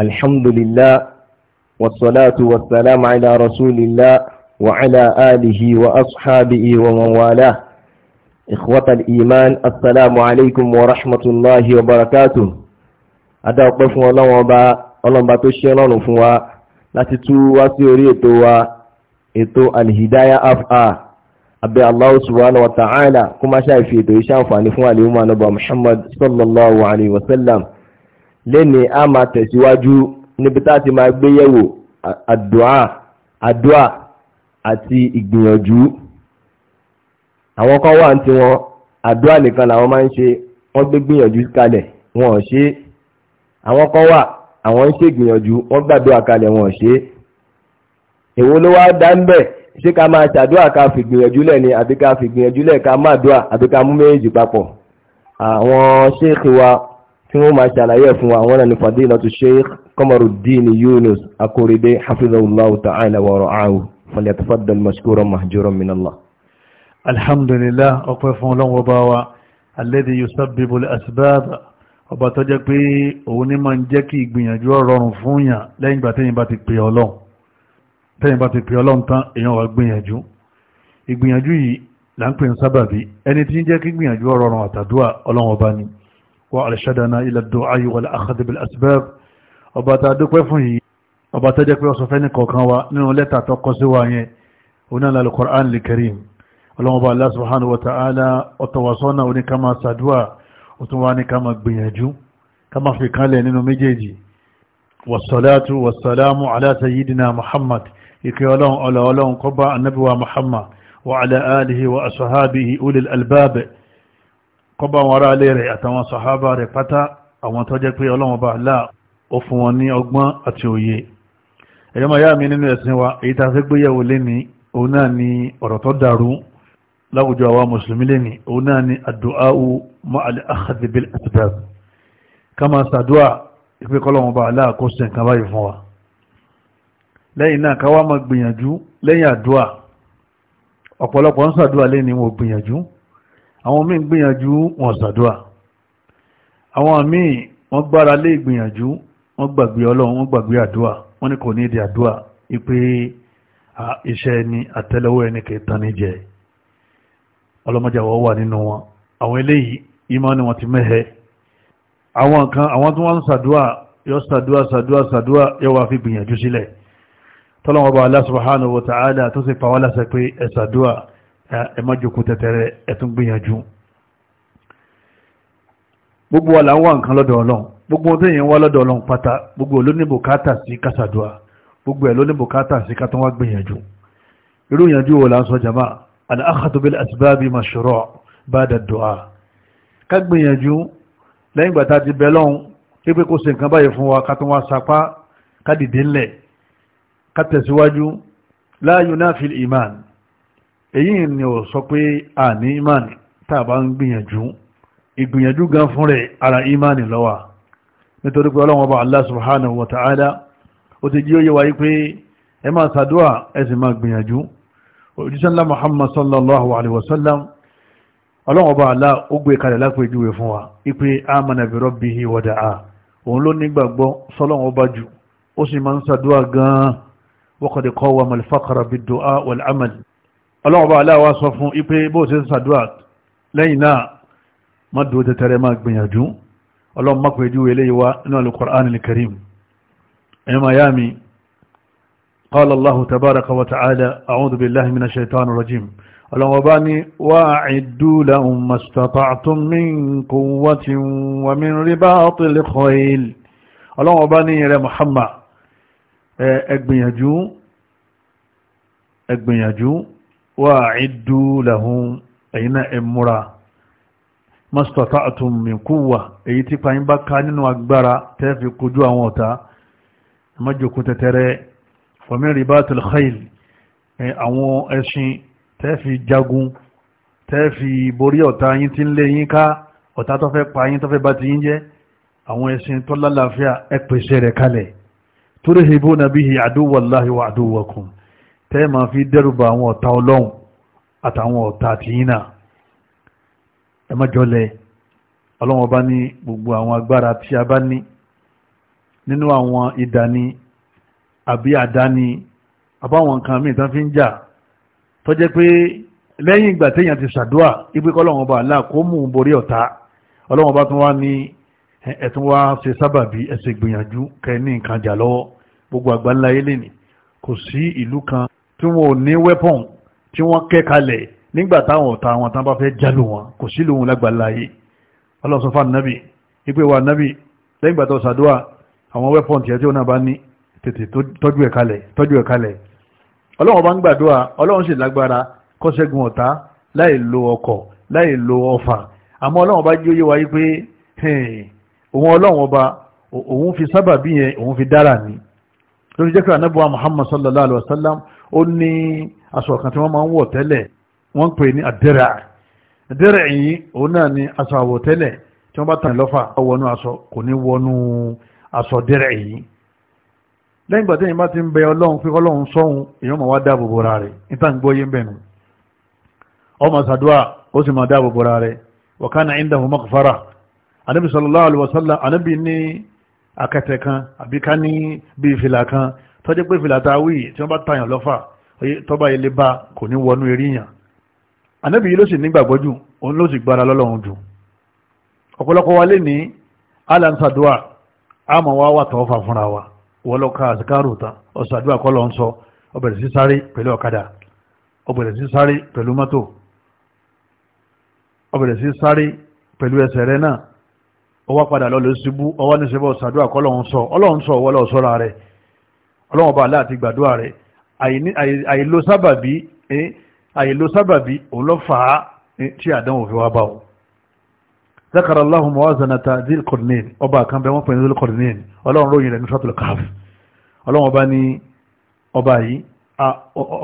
الحمد لله والصلاة والسلام على رسول الله وعلى آله وأصحابه ومن والاه إخوة الإيمان السلام عليكم ورحمة الله وبركاته أدعو قفوا الله وبا الله باتوشي الله نفوا لاتتو واسيوري توا ètò alìhìdáyà afa abẹ́ Allahu subhanahu wa ta'ala kuma ṣáà fi ètò iṣẹ́ àǹfààní fún àlèhùn ànàbà Muhammad sallallahu lẹ́ni a máa tẹ̀síwájú níbi tá a ti máa gbé yẹ̀wò àdúà àdúà àti ìgbìyànjú àwọn kan wà tí wọn àdúà nìkan làwọn máa ń ṣe wọ́n gbé gbìyànjú kalẹ̀ wọn ò ṣe àwọn kan wà àwọn ń ṣe ìgbìyànjú wọ́n gbàdúà kalẹ̀ wọn ò ṣe èwo ló wá dá ń bẹ̀ ṣé ká máa ṣàdúà ká fi gbìyànjú lẹ̀ ni àbí ká fi gbìyànjú lẹ̀ ká má dúà àbí ká mú méjì papọ̀ àwọn ṣéèkì wa tí wọ́n máa ṣàlàyé fún wa àwọn ẹni fadilatu sheikh Qamaruddin Yunus Akorede hafizahullahu ta'ala wa ra'ahu falyatafaddal mashkuran mahjuran min Allah. alhamdulillah ọpẹ́ fún ọlọ́wọ́ bá wa alladhi yusabbibu al-asbab ọba tó jẹ́ pé òun ní máa ń jẹ́ kí ìgbìyànjú ọ̀rọ̀rùn fún yàn lẹ́yìn ìgbà tẹ́yìn bá ti pè ọlọ́run tẹ́yìn bá ti pè ọlọ́run tán èèyàn وأرشدنا إلى الدعاء والأخذ بالأسباب ọba tá a dúpẹ́ fún yìí ọba tó jẹ́ pé ọsọ fẹ́ ní kọ̀ọ̀kan wa nínú lẹ́tà tó kọ sí wa yẹn onílà al-Qur'an al-Karim ọlọ́mọba Allah subhanahu wa ta'ala ọ̀tọ̀wàsọ́nà oníkàmà sàdúà òtún wa ní kàmà gbìyànjú kàmà fi kalẹ̀ nínú méjèèjì kọba àwọn ará alẹ́ rẹ̀ àtàwọn sàhábà rẹ̀ pátá àwọn tó jẹ́ pé ọlọ́wọ́n bá láà ó fún wọn ní ọgbọ́n àti òye ẹ̀yọ́ máa yá mi nínú ẹ̀sìn wa èyí tá a fẹ́ gbéyẹ̀wò léni òun náà ni ọ̀rọ̀ tó dàrú láwùjọ àwa mùsùlùmí léni òun náà ni àdúà ma'al akhdi bil asbab ká máa sàdúà ìpé kọ́lọ́wọ́n bá láà kó sẹ̀ nǹkan báyìí fún wa lẹ́yìn náà ká wá máa gbìyànjú lẹ́yìn àdúà ọ̀pọ̀lọpọ̀ ń sàdúà léni wọn gbìyànjú àwọn míì gbìyànjú wọn ṣàdúrà àwọn míì wọ́n gbára lé ìgbìyànjú wọ́n gbàgbé ọlọ́run wọ́n gbàgbé àdúrà wọ́n ní kò ní èdè àdúrà wípé iṣẹ́ ẹni àtẹ́lẹwọ́ ẹni kì í tani jẹ ọlọ́mọdé wà nínú wọn àwọn eléyìí ìmọ̀ ni wọ́n ti mẹ́hẹ́ àwọn kan àwọn tí wọ́n ń ṣàdúrà yọ ṣàdúrà ṣàdúrà ṣàdúrà yọ wá fi gbìyànjú sílẹ̀ tọ́lọ́wọ́n bá Allah subhanahu wa tó sì pa láṣẹ pé ẹ ṣàdúrà ẹ má jókòó tẹ́tẹ́rẹ́ ẹ tún gbìyànjú gbogbo wa là ń wá nǹkan lọ́dọ̀ ọlọ́run gbogbo ohun tẹ́yìn wá lọ́dọ̀ ọlọ́run pátá gbogbo olónìbòkátà sí kásàdúà gbogbo ẹ̀ lónìbòkátà sí kátó wá gbìyànjú irú ìyànjú wo là ń sọ jama al-akhadhu bil asbabi mashru' ba'da du'a ká gbìyànjú lẹ́yìn ìgbà tá a ti bẹ lọ́hùn pípé kó ṣe nǹkan báyìí fún wa kátó wá sapá ká dìde ńlẹ̀ ká tẹ̀síwájú la yunafi al-iman èyí ni ò sọ pé a ní imani tá a bá ń gbìyànjú ìgbìyànjú gan fún rẹ̀ ara imani lọ́wà nítorí pé ọlọ́wọ́ bá Allah subhanahu wa ta'ala ó ti jí ó yé wáyé pé ẹ máa sàdúà ẹ sì máa gbìyànjú òjísánlá Muhammad sallallahu alaihi wasallam ọlọ́wọ́ bá Allah ó gbé kalẹ̀ lápèjúwe ọlọ́run bá aláwọ̀ sọ fún ipé bó ṣe ń sàdúrà lẹ́yìn náà má dúró tẹ́tẹ́rẹ́ má gbìyànjú ọlọ́run má pẹ̀jú eléyìí wá nínú al-Qur'an al-Karim ẹ̀yìn miami قال الله تبارك وتعالى أعوذ بالله من الشيطان الرجيم الأوباني وأعدوا لهم ما استطعتم من قوة ومن رباط الخيل الأوباني يا محمد أقبن يجو أقبن يجو wa'iddu lahum ẹ̀yin náà ẹ múra mastata'tum min quwwa èyí tí pàyín bá ká nínú agbára tẹ́fì kojú àwọn ọ̀tá mọ́jòkú tẹ́tẹ́rẹ́ fa min ribatil khayl àwọn ẹṣin tẹ́fì jagun tẹ́fì borí ọ̀tá yín tí ń lé yín ká ọ̀tá tó fẹ́ pa yín tó fẹ́ bá ti yín jẹ́ àwọn ẹṣin tó lálàáfíà ẹ rẹ̀ kalẹ̀ turhibuna bihi aduwallahi wa aduwakum tẹ́ ma fi dẹ́rùbà àwọn ọ̀tá ọlọ́run àtàwọn ọ̀tá tìyínà ẹ má jọlẹ̀ ọlọ́run ọba ní gbogbo àwọn agbára tí a bá ní nínú àwọn ìdání àbí àdáni àbáwọn nǹkan míì tán fi ń jà tó jẹ́ pé lẹ́yìn ìgbà téèyàn ti ṣàdúà ipe kọ́lọ́run ọba àlá kó mú un borí ọ̀tá ọlọ́run ọba tún wá ní ẹ̀tún wá ṣe sábàbí ẹ̀sẹ̀ gbìyànjú kẹ́ ní nǹkan jà lọ́wọ́ gbogbo àgbáńlá ayé lè ní kò sí ìlú kan tí wọn ò ní wẹ́pọ̀n tí wọ́n kẹ́ kalẹ̀ nígbà táwọn ọ̀tá wọn tán bá fẹ́ jálù wọn kò sí lóhun lágbàláyé ọlọ́sọ̀fà nàbì ìpè wa nàbì lẹ́yìn gbàtọ̀ sàdúà àwọn wẹ́pọ̀n tiẹ̀ tí ó náà bá ní tètè tọ́jú ẹ̀ kalẹ̀ tọ́jú ẹ̀ kalẹ̀ ọlọ́run bá ń gbàdúrà ọlọ́run sì lágbára kó ṣẹ́gun ọ̀tá láì lo ọkọ̀ láì lo ọfà àmọ́ ọlọ́run bá jí ó yé wáyé pé òun ọlọ́run ọba òun fi sábàbí yẹn òun fi dára ni lórí jẹ́ pé anábọ́wá muhammad sallallahu alaihi wasallam ó ní aṣọ kan tí wọ́n máa ń wọ̀ tẹ́lẹ̀ wọ́n ń pè ní àdẹ́rà àdẹ́rà yìí òun náà ni aṣọ àwọ̀ tẹ́lẹ̀ tí wọ́n bá tàn lọ́fà wọnú aṣọ kò ní wọnú aṣọ dẹ́rẹ̀ yìí lẹ́yìn gbàtẹ́ yìí bá ti ń bẹ ọlọ́run pé ọlọ́run sọ́hun èèyàn máa wá dáàbò bora rẹ̀ níta ń gbóyé ń bẹ̀ nù ọmọ sàdúà ó sì máa dáàbò bora rẹ̀ wọ̀kánà indahu maghfara anábì sallallahu alaihi anábì ní akẹtẹ kan àbí ká ní bí ìfìlà kan tó jẹ́ pé ìfìlà tàwí tí wọ́n bá tàyàn lọ́fà tọ́ba ilé bá kò ní wọnú eré yàn ànábì yìí ló sì nígbàgbọ́ jù òun ló sì gbára lọ́lọ́run jù ọ̀pọ̀lọpọ̀ wa lè ní alansadua àmọ́ wa wà tọ́ fà fúnra wa wọ́n lọ ka àsìkárò tán ọ̀sàdúà kọ́ lọ ń sọ ó sí sáré pẹ̀lú ọ̀kadà ó sí sáré pẹ̀lú mọ́tò ó sí sáré pẹ̀lú ẹsẹ̀ rẹ náà ọwọ́ padà lọ lọ síbú ọwọ́ ní sẹ́bọ̀ sàdúrà kọ́ lọ́hún sọ ọlọ́hún sọ ọwọ́ lọ́ọ̀ sọ́ra rẹ̀ ọlọ́hún bá láti gbàdúrà rẹ̀ àìló sábàbí àìló sábàbí òun lọ fà á tí àdánwò fi wá bá o. zakara allahu muwazanata zil kornin ọba kan bẹ wọn pè ní zil kornin ọlọ́hún ròyìn rẹ̀ ní sọ́tò káf ọlọ́hún ọba ní ọba yìí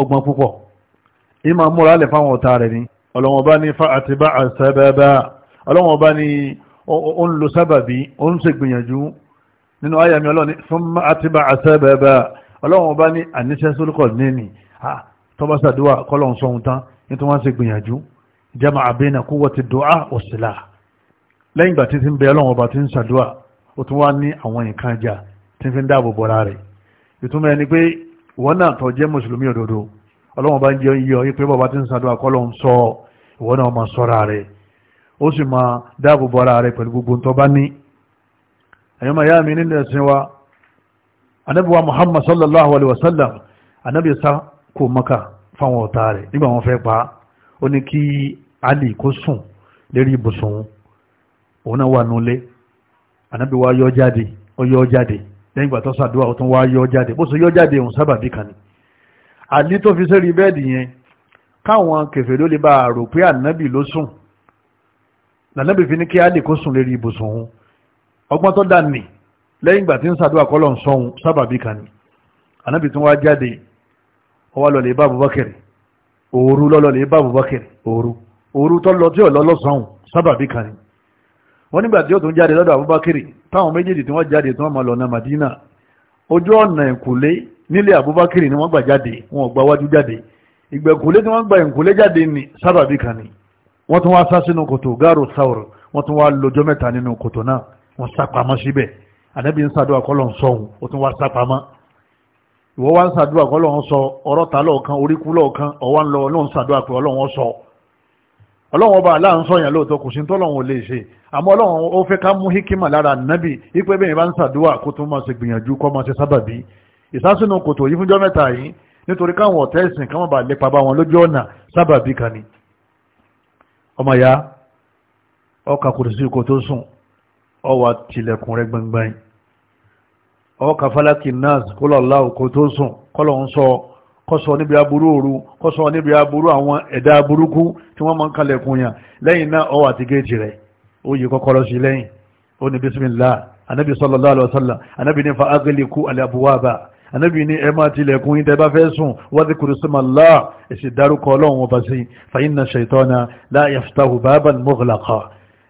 ọgbọ́n púpọ̀ ìmọ̀ múra lẹ̀ fáwọn ọ̀tá rẹ̀ ni ọlọ́hún ọba ní fa àtibá àṣẹ bẹ́ẹ̀ bẹ́ẹ̀ ọlọ́hún ọba ní ó ń lo sábàbí ó ń ṣe gbìyànjú nínú ayàmí ọlọ́ni thumma atba'a sababa ọlọ́run bá ní àníṣẹ́ sólùkọ̀ nínú tọ́bá sàdúwà kọ́lọ̀n sọ́hun tán ní tí wọ́n ṣe gbìyànjú jama'a baina quwwati du'a wa silah lẹ́yìn ìgbà tí ti ń bẹ ọlọ́run ọba tí ń sàdúwà ó tún wá ní àwọn nǹkan jà tí fi ń dáàbò bọ́ra rẹ̀ ìtumọ̀ ẹni pé ìwọ náà tó jẹ́ mùsùlùmí òdodo ọlọ́run bá ń jẹ́ yí pé bọ́ba tí ń sàdúwà kọ́lọ̀n sọ ìwọ náà máa sọ́ra rẹ̀ ó sì máa dáàbò bo ara rẹ̀ pẹ̀lú gbogbo tó bá ní ẹ̀yọ́ yá mi nílẹ̀ ẹ̀sìn wa anábíwa muhammad sallallahu alaihi wasallam anábí sá kò maka fáwọn ọ̀tá rẹ̀ nígbà wọn fẹ́ pa ó ní kí ali kó sùn lérí ibùsùn òun náà wà nulẹ̀ anábí wa yọ jáde ó yọ jáde lẹ́yìn ìgbà tó sàdúrà ó tún wá yọ jáde bó so yọ jáde òun sábàbí kan ni ali tó fi sẹ́rí bẹ́ẹ̀dì yẹn káwọn kèfèrí ló lè bá rò pé ànábì ló sùn lànàbì fi ní kí Ali kó sùn lérí ibùsùn òun ọgbọ́n tó dà ní lẹ́yìn ìgbà tí ń sàdúrà kọ́lọ̀ ń sọ́hun sábàbí kan ni ànábì tí wọ́n á jáde ọwọ́ lọ́lẹ̀ bá Abubakar òru lọ́lọ́lẹ̀ bá Abubakar òru òru tó lọ tí ò lọ lọ́sàn-án kan ni wọ́n nígbà tí ó tún jáde lọ́dọ̀ Abubakar táwọn méjèèjì tí wọ́n jáde tí wọ́n máa lọ na Madina ojú ọ̀nà ìkùlé nílé Abubakar ni wọ́n gbà jáde wọn ò gbà wájú jáde ìgbẹ̀kùlé tí wọ́n gbà ìkùlé jáde ni sábàbí kan ni wọ́n tún wá sá sínú kòtò gáàrò sáwọ̀rọ̀ wọ́n tún wá lọ́jọ́ mẹ́ta nínú kòtò náà wọ́n sápamọ́ síbẹ̀ ànábì ń sàdúrà kọ́lọ̀ ń sọ̀hún ó tún wá sápamọ́ ìwọ́ wá ń sàdúrà kọ́lọ̀ ń sọ ọ̀rọ̀ ta lọ́ọ̀kan oríkú lọ́ọ̀kan ọ̀wá ń lọ ọlọ́run sàdúrà pé ọlọ́run sọ ọlọ́run ọba aláà ń sọ yẹn lóòótọ́ kò sí tọ́lọ́run ò lè ṣe àmọ́ ọlọ́run ó fẹ́ ká mú hikima lára nábì wípé bẹ́ẹ̀ bá ń sàdúrà kó tún máa ṣe gbìyànjú kó máa ṣe sábàbí ìsásínú kòtò yìí fúnjọ́ mẹ́ta yìí nítorí káwọn ọ̀tẹ́sìn káwọn bá lépa bá wọn lójú ọ̀nà sábàbí kan ni ọmọ ya ọkà kùrù sí ikò tó sùn ọwà tilẹ̀kùn rẹ gbẹngbẹ̀n ọkà falaki nas kólọ̀lá òkò tó sùn kọ́lọ̀ ń sọ kọ́sọ níbi aburú òru kọ́sọ níbi aburú àwọn ẹ̀dá burúkú tí wọ́n máa ń kalẹ̀kùn yàn lẹ́yìn náà ọwà àti géètì rẹ̀ ó yí kọ́kọ́rọ́ sí lẹ́yìn ó ní bísímìlá anábì sallallahu alaihi wasallam anábì ní fa agiliku alabuwaba anábì ní ẹ máa tilẹ̀kùn yín tẹ́ bá fẹ́ sùn wadhkuru smallahi èsì dárúkọ ọlọ́run ọba sí fa inna shaytana la yaftahu baban mughlaqa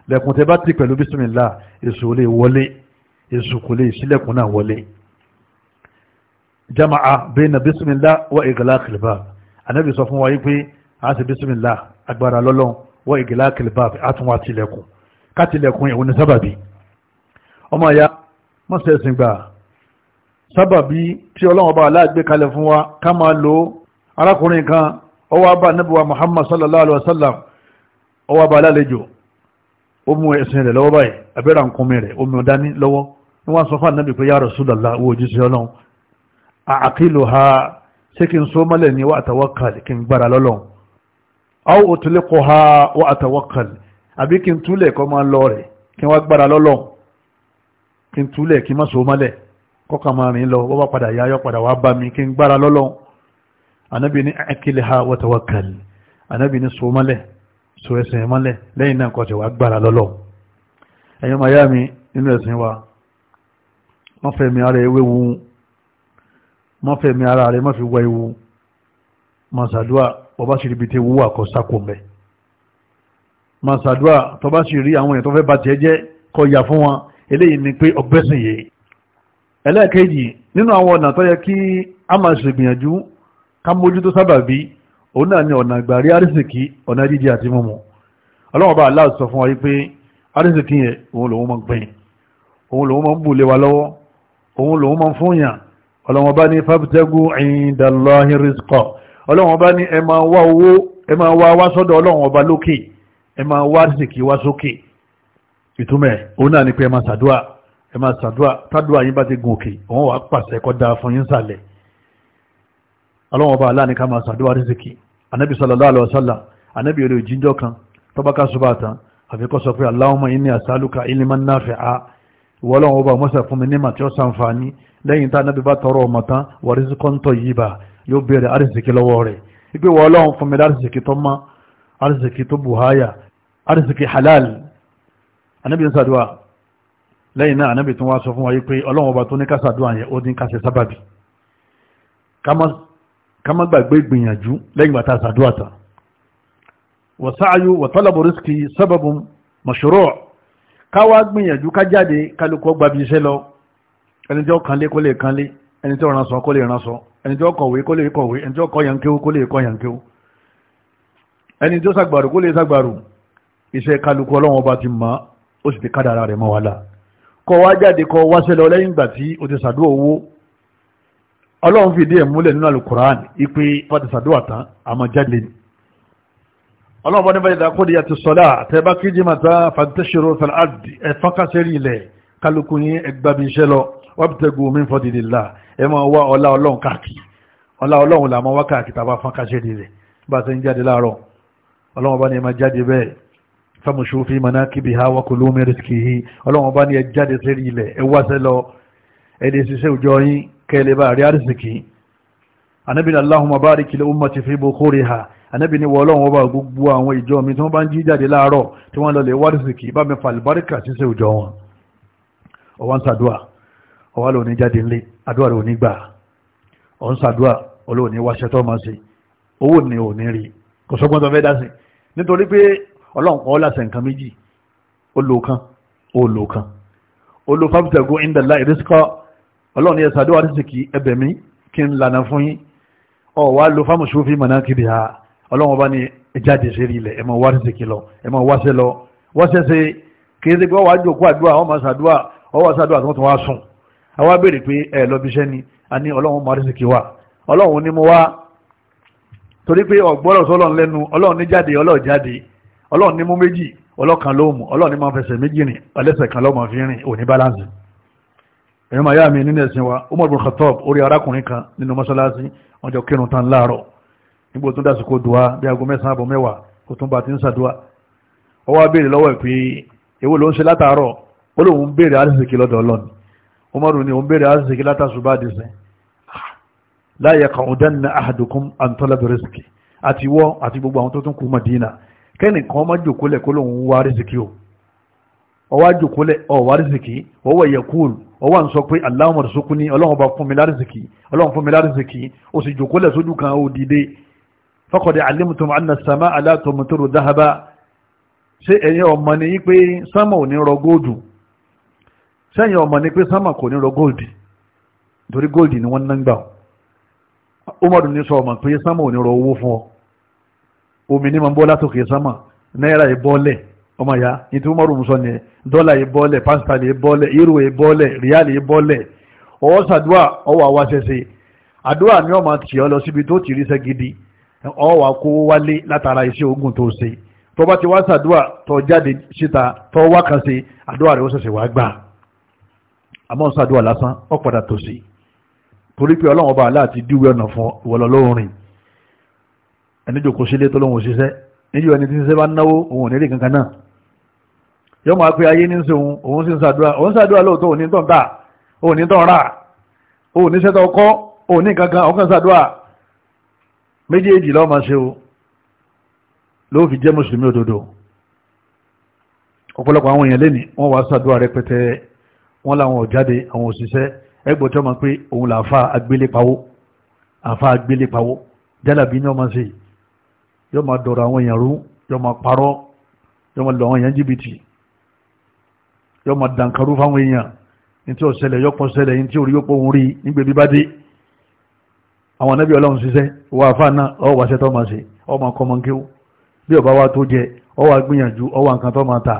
lẹ́kùn tẹ́ bá ti pẹ̀lú bismillah èsù ò lè wọlé èsù kò lè sílẹ̀kùn náà wọlé. jama'a bayna bismillah wa iglaqil bab anábì sọ fún wa yí pé a ti bismillah agbára lọ́lọ́run wa iglaqil bab àtúnwá tilẹ̀kùn ká tilẹ̀kùn ìwọ̀n sábàbí tí ọlọ́run ọba aláàgbé kalẹ̀ fún wa ká máa lo arákùnrin kan ọwọ́ abá níbiwa Muhammad sallallahu alaihi wa sallam ọwọ́ abá alálejò ó mú ẹ̀sìn rẹ̀ lọ́wọ́ báyìí abẹ́rẹ́ àǹkúnmi rẹ̀ omi ọ̀dání lọ́wọ́ ni wọ́n sọ fún ànábì pé ya Rasulullah owó òjíṣẹ́ ọlọ́run àkílò ha ṣé kí n so kọ́kà máa rìn lọ wọ́n bá padà yá yọ́ padà wá bá mi kí n gbára lọ́lọ́ anábì ní a'kilha wa tawakkal anábì ní so mọ́lẹ̀ so ẹsẹ̀ mọ́lẹ̀ lẹ́yìn náà kọ́ wá gbára lọ́lọ́ ẹ̀yọ́ máa yá mi nínú ẹ̀sìn wa wọ́n fẹ́ mi ara ewé wu wọ́n fẹ́ mi ara rẹ̀ má fi wá ewu ele nínú àwọn ọ̀nà tó yẹ kí a máa ṣègbìyànjú ká mójútó sábàbí òun náà ni ọ̀nà àgbàrí àrísìkí ọ̀nà jíjẹ àti mímu ọlọ́wọ́n bá aláà sọ fún wa pé àrísìkí yẹn òun lòun máa ń gbìn òun lòun máa ń bù lé wa lọ́wọ́ òun lòun máa ń bá ní bá ní ẹ máa wá wá sọ́dọ̀ ọba ni pé ẹ máa ẹ máa ṣàdúrà tádùá yín bá ti gun òkè òun wàá pàṣẹ kọ́ da fún yín sàlẹ̀ ọlọ́wọ́n ọba aláàní ká máa ṣàdúrà rìsíkì anabi sallallahu alayhi wa sallam anabi olè òjìjọ kan tọ́bákà ṣùgbọ́n àtàn àfikọ́ sọ pé Allahumma inni as'aluka ilman nafi'a wọ́lọ́wọ́ bá mọ́sà fún mi ní màtí ó sànfàní lẹ́yìn tá anábì bá tọrọ ọmọ tán wọ̀rísí kọ́ńtọ̀ yìí bá yóò béèrè àrísìkí lọ́wọ́ rẹ̀ wípé wọ́lọ́wọ́ fún mi àrísìkí tó mọ́ àrísìkí tó buhaya àrísìkí halal anábì sàdúrà lẹ́yìn náà anábì tún wá sọ fún wa yí pé ọlọ́run ọba tó ní kásàdúrà yẹn ó dín kásẹ̀ sábàbí ká má gbàgbé ìgbìyànjú lẹ́yìn bàtà sàdúrà tán wàsáàyù wàtọ́lọ̀bù rísìkì sábàbù mọ̀ṣúrọ̀ káwá gbìyànjú ká jáde kálukọ́ gbabi iṣẹ́ lọ ẹni tí ó kanlé kó lè kanlé ẹni tí ó ránṣọ kó lè ránṣọ ẹni tí ó kọ̀wé kó lè kọ̀wé ẹni tí ó kọ́ yankéwó kó lè kọ́ yankéwó ẹni tí ó sàgbàrù kó lè sàgbàrù iṣẹ́ kálukọ́ ọlọ́wọ́n ọba ti mọ̀ ó sì ti kádàrà rẹ̀ mọ́ wàhálà kọ wá jáde kọ wáṣẹ́ lọ lẹ́yìn ìgbà tí o ti ṣàdúrà owó ọlọ́run fìdí ẹ̀ múlẹ̀ nínú alukur'an ipe bá ti ṣàdúrà tán àmọ́ jáde ni ọlọ́run bá ní báyìí dákó di àti sọ́lá àtẹ́bá kíjì màtá fantasiro fàlàdì ẹ̀fọ́kàṣẹ́rì ilẹ̀ kálukú yín ẹgbàbí iṣẹ́ lọ wabtagu min fadlillah ẹ máa wá ọlá ọlọ́run káàkiri ọlá ọlọ́run làmọ́ wá káàkiri tàbá fọ́kàṣẹ́rì ilẹ̀ bá ti ń jáde láàárọ̀ ọlọ́run bá ní ẹ máa jáde bẹ́ẹ̀ famushu fi manakibiha wa kulu min rizqihi ọlọ́run bá ní ẹ jáde sérí ilẹ̀ ẹ wáṣẹ́ lọ ẹ̀dẹ̀ ṣiṣẹ́ òjò yín kẹlẹ̀ bá rí àrísìkì anábì Allahumma barik li ummati fi bukhuriha anábì ní wọ́lọ́run ọba gbogbo àwọn ìjọ mi tí wọ́n bá ń jí jáde láàárọ̀ tí wọ́n lọlẹ̀ wárísìkì bá mi falbarika ṣiṣẹ́ òjò wọn ọwọ́ ń nítorí pé ọlọ́run kọ́ láṣẹ nǹkan méjì olókan olókan olófàbítẹ̀gó ìndàlá ìrísíkọ́ ọlọ́run ni ẹ̀sàdó àrísìkì ẹbẹ̀ mi kí n lànà fún yín ọ̀wá lo fámùsùfì mọ̀nà kiri ha ọlọ́run bá ní jáde sérí ilẹ̀ ẹ̀mọ wá àrísìkì lọ ẹ̀mọ wáṣẹ́ lọ wáṣẹ́ ṣe kì í ṣe pé ọwọ́ àjòkó àdúrà ọmọ sàdúà ọwọ́ sàdúà tó tún wá sùn àwa béèrè pé ẹ lọ bíṣẹ́ ni a ní ọlọ́run mọ àrísìkì wa ọlọ́run ni mo wá torí pé ọ̀gbọ́rọ̀ sọ́lọ́run lẹ́nu ọlọ́run ní jáde ọlọ́run jáde ọlọ́run ní mú méjì ọlọ́kan ló mú ọlọ́run ní máa fẹsẹ̀ méjì rìn ẹlẹ́sẹ̀ kan lọ́mọ fi rìn òní balance ẹ̀yọ́ màá yá mi nínú ẹ̀sìn wa Umar bin Khattab orí arákùnrin kan nínú mọ́ṣáláṣí wọ́n jọ kírun tán láàárọ̀ nígbò tó dásìkò dùá bí aago mẹ́sàn-án àbọ̀ mẹ́wàá kò tún bá ti ń ṣàdúà ó wá béèrè lọ́wọ́ ẹ̀ pé èwo ló ń ṣe látàárọ̀ ó lóun béèrè ah, ahadukum an talabi rizqi àti wọ́ àti gbogbo kẹ́nìkan má jòkólẹ̀ kó lóun wá rìsìkì o ọwá jòkólẹ̀ ọwá rìsìkì ọwọ́ yẹkúl ọwá ń sọ pé Allahumma rzuqni ọlọ́run bá fún mi lárìsìkì ọlọ́run fún mi lárìsìkì o sì jòkólẹ̀ sójú kan ó dìde faqad alimtum anna as-samaa la tumtiru ṣé ẹ̀yin ọmọ ni pé sánmà ò ní rọ góòdù sẹ́yìn ọmọ ni pé sánmà kò ní rọ góòdì torí góòdì ni wọ́n ń nágbà ó mọ̀dún ní sọ ọmọ pé sánmà ò ní rọ owó fún ọ omi ní máa ń bọ́ látòkè sámà náírà ìbọ́lẹ̀ ọmọ ìyá ní tí wọ́n mọ̀rùn sọ nìyẹn dọ́là ìbọ́lẹ̀ pásítàlì ìbọ́lẹ̀ euro ìbọ́lẹ̀ ríálì ìbọ́lẹ̀ ọwọ́ sàdúà ọwọ́ àwa ṣẹṣe àdúà ni ọmọ tì ọ lọ síbi tó ti ríṣẹ́ gidi ọwọ́ àkó wálé látara iṣẹ́ ogun tó ṣe tó bá ti wá sàdúà tó jáde síta tó wá kan ṣe àdúà rẹ̀ ó ṣẹ̀ṣẹ̀ wá gbà àmọ́ sàdúà lásán ó padà tòṣì torí pé ọlọ́run ọba aláàtí díwẹ́ ọ̀nà fún ìwọlọ́lọ́rin ẹni jòkó sílé tó lóun òṣìṣẹ́ níjọ ẹni tí ń ṣe bá náwó òun ò ní rí kankan náà yọ máa pé ayé ní ń sòun òun sì ń ṣàdúrà òun ṣàdúrà lóòótọ́ òun ní tọ̀ ń tà òun ní tọ̀ ń rà òun ní sẹ́tọ̀ ọkọ́ òun ní kankan ọkàn ṣàdúrà méjèèjì lọ́ọ́ máa ṣe o ló fi jẹ́ mùsùlùmí òdodo ọ̀pọ̀lọpọ̀ àwọn èèyàn lẹ́ni wọ́n wá ṣàdúrà rẹpẹtẹ wọ́n láwọn ọ̀jáde àwọn òṣìṣẹ́ ẹgbẹ́ tí wọ́n máa pé òun làáfà agbélépawó àfà agbélépawó jálàbí ni wọ́n máa ṣe yìí yóò ma dọ̀rọ̀ àwọn èèyàn rú yóò máa parọ́ yóò máa lọ àwọn èèyàn jìbìtì yóò máa dànkarú fáwọn èèyàn ní tí ó ṣẹlẹ̀ yóò pọ̀ ṣẹlẹ̀ ní tí orí yóò pọ̀ òun rí nígbè bí bá dé àwọn anábì ọlọ́run ṣiṣẹ́ wà àfáà náà ọ wà ṣẹ́tọ́ máa ṣe ọ máa kọ́ máa kéwò bí ọba wa tó jẹ ọ wà gbìyànjú ọ wà nǹkan tó máa ta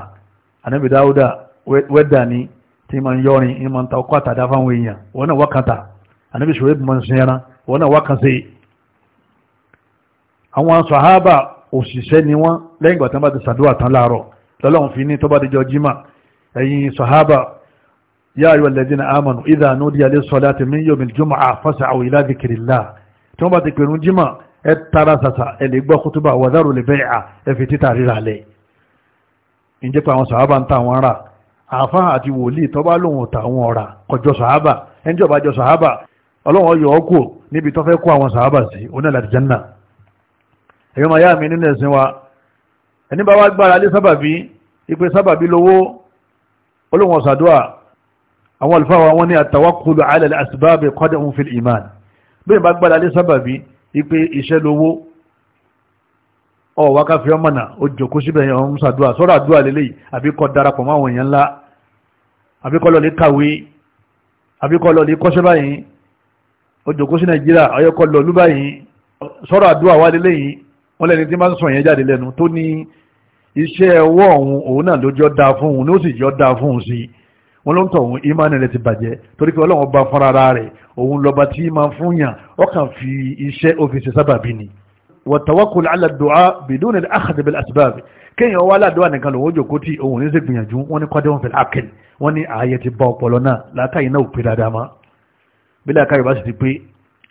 anábì dáúdà wẹ́dà ni tí ma ń yọrin ní ma ń ta ọkọ̀ àtàdá fáwọn èèyàn wọn náà wákàtà anábì ṣòwò ẹ̀bùn máa àwọn sàhábà òṣìṣẹ́ ni wọ́n lẹ́yìn ìgbà tán bá ti sàdúrà tán láàárọ̀ lọ́lọ́run fi ní tó bá di jọ jímà ẹ̀yin sàhábà yá ayọ̀ lẹ́dínà àmánù idha nudiya lis-salati min yawmil jumu'ah fas'aw ila dhikrillah tí wọ́n bá ti pèrún jímà ẹ tara sàṣà ẹ lè gbọ́ kútúbà wa dharu l-bay'a ẹ fi títà rírà lẹ̀ ǹjẹ́ pé àwọn sàhábà ń ta àwọn rà àfá àti wòlíì tó lòun ta àwọn ọ̀rà kọjọ sàhábà ẹnjọba jọ sàhábà ọlọ́run yọ ọ́ níbi tó kó àwọn sàhábà sí onílàdìjánná èyí ma yá mi nínú ẹ̀sìn wa ẹni bá wá gbára lé sábàbí ipe sábàbí lówó olóhùn ọ̀sàdúà àwọn alfáwà wọn ni àtàwákùlù alẹ́lẹ́ àsìbáàbẹ̀ kọ́dẹ̀ ń fi ìmán bí ìbá gbára lé sábàbí ipe iṣẹ́ lówó ọ̀wá káfí ọmọnà ó jòkó síbẹ̀ yẹn ọ̀hún sàdúà sọ́rọ̀ àdúà lélẹ́yìí àbí kó darapọ̀ máwọn èèyàn ńlá àbí kó lọ lè sọ́rọ̀ àdúà wá lélẹ́yìí wọ́n lẹ́ni tí máa ń sọ yẹn jáde lẹ́nu tó ní iṣẹ́ ọwọ́ òun òun náà lójọ́ da fún òun ló sì jọ́ da fún òun sí i wọ́n ló ń tọ̀ òun ìmánì rẹ̀ ti bàjẹ́ torí pé ọlọ́run ọba fúnra ara rẹ̀ òun lọ́ba tí máa fún yàn ọkàn fi iṣẹ́ òfìsì sábàbí ni wọ̀tàwọ́kùn aládùá bìdún ní àkàdébẹ̀lẹ̀ kéèyàn wá aládùá nìkan lòun jòkó tí òun ní sí gbìyànjú wọ́n ní kọ́dé wọn fẹ̀lẹ̀ akẹ́l wọ́n ní ààyè ti bá ọpọlọ náà látàyè náà ò pé dáadáa má bí láàkàyè bá sì ti pé